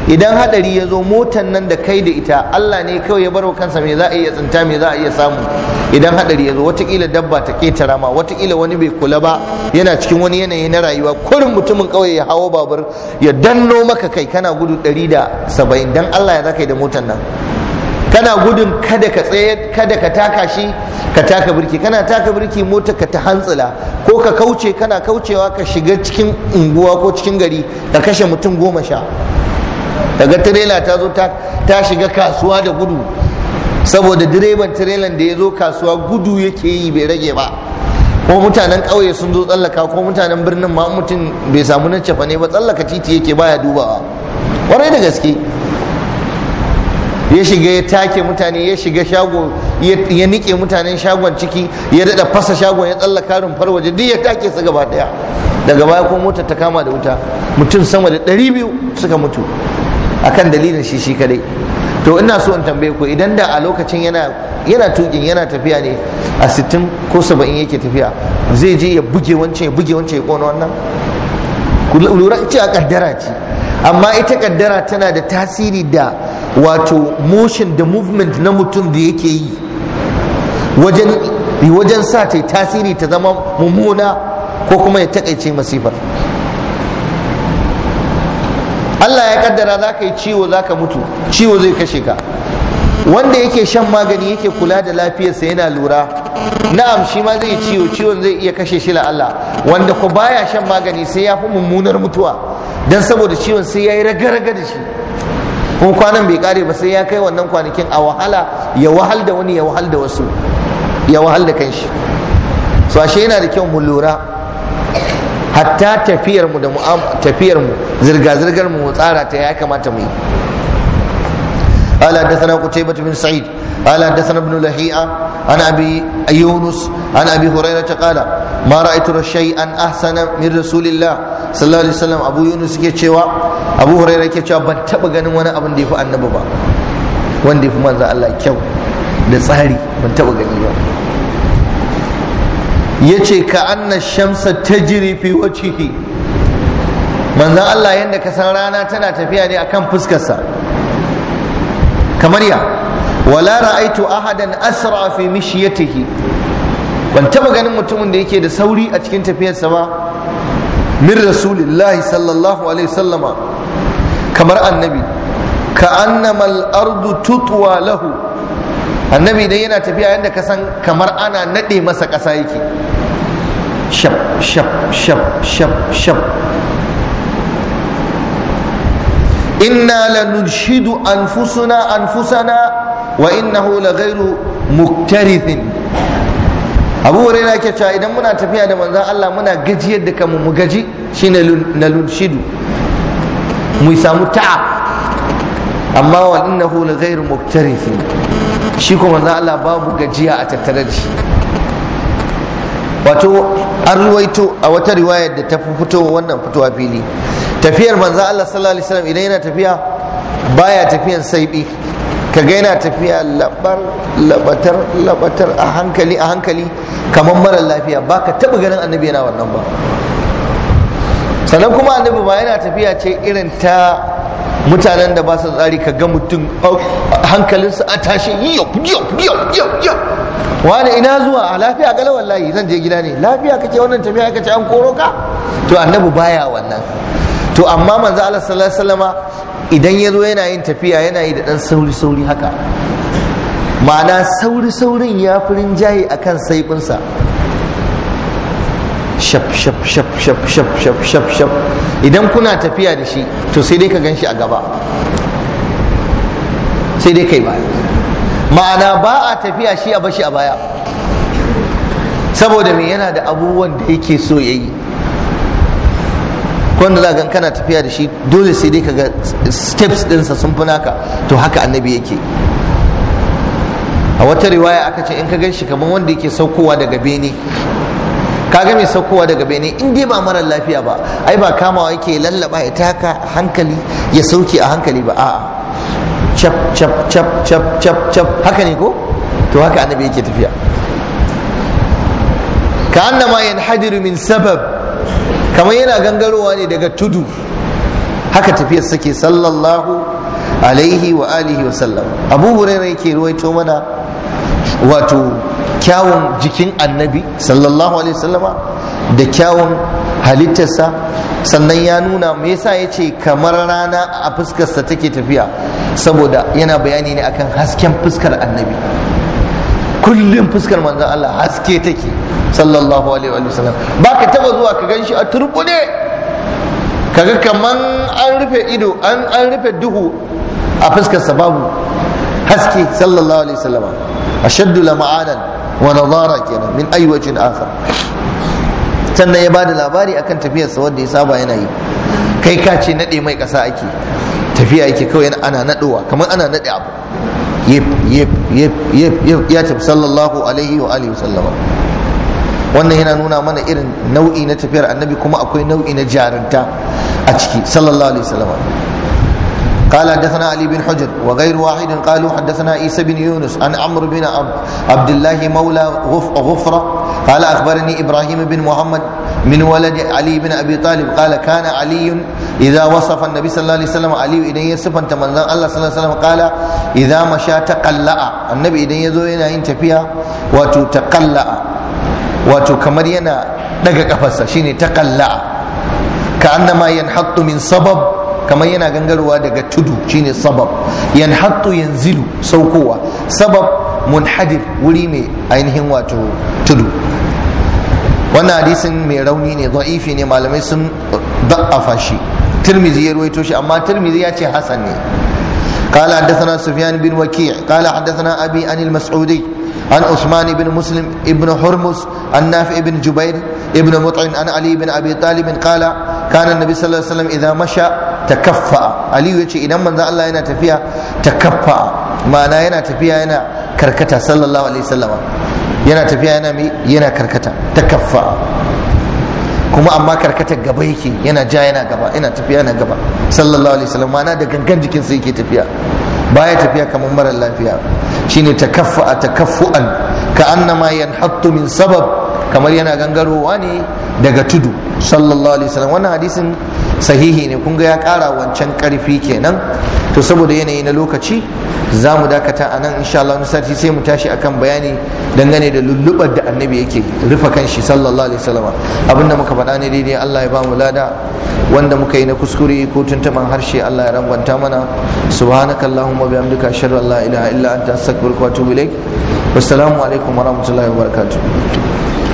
idan hadari ya zo motan nan da kai da ita Allah ne kawai ya baro kansa me za a iya tsinta mai za a iya samu idan hadari ya zo watakila dabba ta keta rama watakila wani bai kula ba yana cikin wani yanayi na rayuwa kurin mutumin kawai ya hawo babur ya danno maka kai kana gudu 170 dan Allah ya zaka yi da motan nan kana gudun kada ka tsaye kada ka taka shi ka taka birki kana taka birki mota ka ta hantsila ko ka kauce kana kaucewa ka shiga cikin unguwa ko cikin gari ka kashe mutum goma sha daga tirela ta zo ta shiga kasuwa da gudu saboda direban tirelan da ya zo kasuwa gudu yake yi bai rage ba ko mutanen ƙauye sun zo tsallaka ko mutanen birnin ma mutum bai samu na cefa ne ba tsallaka titi yake baya dubawa kwarai da gaske ya shiga ya take mutane ya shiga shago ya nike mutanen shagon ciki ya dada fasa shagon ya tsalla karin farwaje duk ya take su gaba daya daga baya kuma motar ta kama da wuta mutum sama da ɗari biyu suka mutu akan dalilin shi shi kadai to ina so in tambaye ku idan da a lokacin yana yana tukin yana tafiya ne a 60 ko 70 yake tafiya zai je ya buge wancan ya buge wancan ya kona wannan ku lura ce a kaddara ce amma ita kaddara tana da tasiri da wato motion da movement na mutum da yake yi wajen sa ta tasiri ta zama mummuna ko kuma ya takaice masifar Allah ya kaddara za ka yi ciwo za ka mutu ciwo zai kashe ka wanda yake shan magani yake kula da lafiyarsa yana lura na'am shi ma zai ciwo ciwon zai iya kashe shi la Allah wanda ku baya shan magani sai ya fi mummunar mutuwa don saboda ciwon sai ya yi raga-raga da shi kun kwanan bai kare ba sai ya kai wannan kwanakin a wahala ya wahal da wani ya wahal da wasu ya wahal da kanshi so ashe yana da kyau mu lura hatta tafiyar mu da tafiyar mu zirga zirgar mu tsara ta ya kamata mu yi قال حدثنا قتيبة بن سعيد قال حدثنا ابن لهيعة عن أبي يونس عن أبي هريرة قال ما رأيت شيئا أحسن من رسول الله صلى الله عليه وسلم أبو يونس كيتشيوا abu huraira ke cewa ban taba ganin wani abin da ya fi annabi ba wanda ya fi manzan Allah kyau da tsari ban taba gani ba ya ce ka anna shamsa ta jiri fi wacihi manzan Allah yadda ka san rana tana tafiya ne akan fuskarsa kamar ya wala ra'aitu ahadan asra fi mishyatihi ban taba ganin mutumin da yake da sauri a cikin tafiyarsa ba min rasulillahi sallallahu alaihi sallama. kamar annabi ka annamal ardu tutwa lahu annabi dai yana tafiya yadda ka san kamar ana nade masa ƙasa yake shab shab shab shaf shaf inna lanunshidu anfusuna anfusana wa innahu gairu muktarithin abu hurairah yake cewa idan muna tafiya da manzon Allah muna gajiyar da kamu mu gaji shine lanunshidu mu samu ta'a. amma wa innahu la ghairu muktarifi shi kuma manzo Allah babu gajiya a tattare da shi wato an ruwaito a wata riwayar da ta fito wannan fitowa fili tafiyar manzo Allah sallallahu alaihi wasallam idan yana tafiya baya tafiyan saibi kaga yana tafiya labar labatar labatar a hankali a hankali kamar mara lafiya baka taba ganin annabi yana wannan ba sannan kuma annabi ba yana tafiya ce irin ta mutanen da ba su tsari ka ga mutum hankalinsu a tashi yau yau yau yau yau wani ina zuwa a ah, lafiya gala layi zan je gida ne lafiya kake wannan tafiya kace an koro ka to annabi baya wannan to amma manzo Allah sallallahu alaihi idan ya zo yana yin tafiya yana yi da dan sauri sauri haka ma'ana sauri saurin ya fi rinjaye akan saifinsa shaf shaf shaf shaf shaf shaf shaf idan kuna tafiya da shi to sai dai ka gan shi a gaba sai dai kai baya ma'ana ba a tafiya shi a bashi a baya saboda me yana da abubuwan da yake so ya yi kwanda za gan kana tafiya da shi dole sai dai kaga steps dinsa sun fi naka to haka annabi yake a wata riwaya aka ce in ka gan shi kamar wanda yake saukowa daga bene kaga mai saukowa daga bene in dai ba marar lafiya ba ai ba kamawa yake lallaba ya taka hankali ya sauke a hankali ba a'a cap cap cap cap cap cap haka ne ko to haka annabi yake tafiya ka annama yanhadiru min sabab kamar yana gangarowa ne daga tudu haka tafiyar sake sallallahu alaihi wa alihi wa sallam abu hurairah yake ruwaito mana wato kyawun jikin annabi sallallahu alaihi wasallama da kyawun halittarsa sannan ya nuna me yasa ya ce kamar rana a fuskarsa take tafiya saboda yana bayani ne akan hasken fuskar annabi kullum fuskar manzon Allah haske take sallallahu alaihi wasallam ba ka taba zuwa ka gan shi a turbune kaga kaman an rufe ido an an rufe duhu a fuskarsa babu haske sallallahu alaihi wasallama ashaddu lama'anan wa nazara kenan min ayi wajhin akhar ya bada labari akan tafiyarsa wanda ya saba yana yi kai ka ce nade mai kasa ake tafiya yake kawai ana nadowa kamar ana nade abu yip yip yip yip yip sallallahu alaihi sallama wannan yana nuna mana irin nau'i na tafiyar annabi kuma akwai nau'i na jarinta a ciki sallallahu alaihi wasallama قال حدثنا علي بن حجر وغير واحد قالوا حدثنا عيسى بن يونس عن عمرو بن عبد الله مولى غفرة قال أخبرني إبراهيم بن محمد من ولد علي بن أبي طالب قال كان علي إذا وصف النبي صلى الله عليه وسلم علي إذا يصفا تمنى الله صلى الله عليه وسلم قال إذا مشى تقلأ النبي إذا يزو ينا ينتفيها وتتقلأ وتكمر ينا دقا قفصة شيني تقلأ كأنما ينحط من صبب kamar yana gangarowa daga tudu shine sabab yan yan zilu saukowa sabab munhadir wuri mai ainihin wato tudu wannan hadisin mai rauni ne da'ifi ne malamai sun da'afa shi tirmizi ya ruwaito shi amma tirmizi ya ce hasan ne قال حدثنا سفيان بن وكيع قال حدثنا أبي عن المسعودي عن عثمان بن مسلم ابن حرمز عن نافع بن جبير ابن مطعم عن علي بن أبي طالب قال كان النبي صلى الله عليه وسلم إذا مشى takaffa aliyu ya ce idan manzan Allah yana tafiya takaffa ma'ana yana tafiya yana karkata sallallahu alaihi sallama yana tafiya yana mai yana karkata takaffa kuma amma karkata gaba yake yana ja yana gaba yana tafiya yana gaba sallallahu alaihi sallam ma'ana da gangan jikin jikinsa yake tafiya baya tafiya kamar mara lafiya shine takaffa takaffu'an ka annama yanhattu min sabab kamar yana gangarowa ne daga tudu sallallahu alaihi wasallam wannan hadisin sahihi ne kun ga ya kara wancan karfi kenan to saboda yanayi na lokaci za mu dakata a nan insha Allah sati sai mu tashi akan bayani dangane da lullubar da annabi yake rufe kanshi sallallahu alaihi wasallam abinda muka faɗa ne daidai Allah ya ba mu lada wanda muka yi na kuskure ko tuntuman harshe Allah ya rangwanta mana subhanakallahumma bihamdika ashhadu an la ilaha illa anta astaghfiruka wa atubu ilaik wassalamu alaikum warahmatullahi wabarakatuh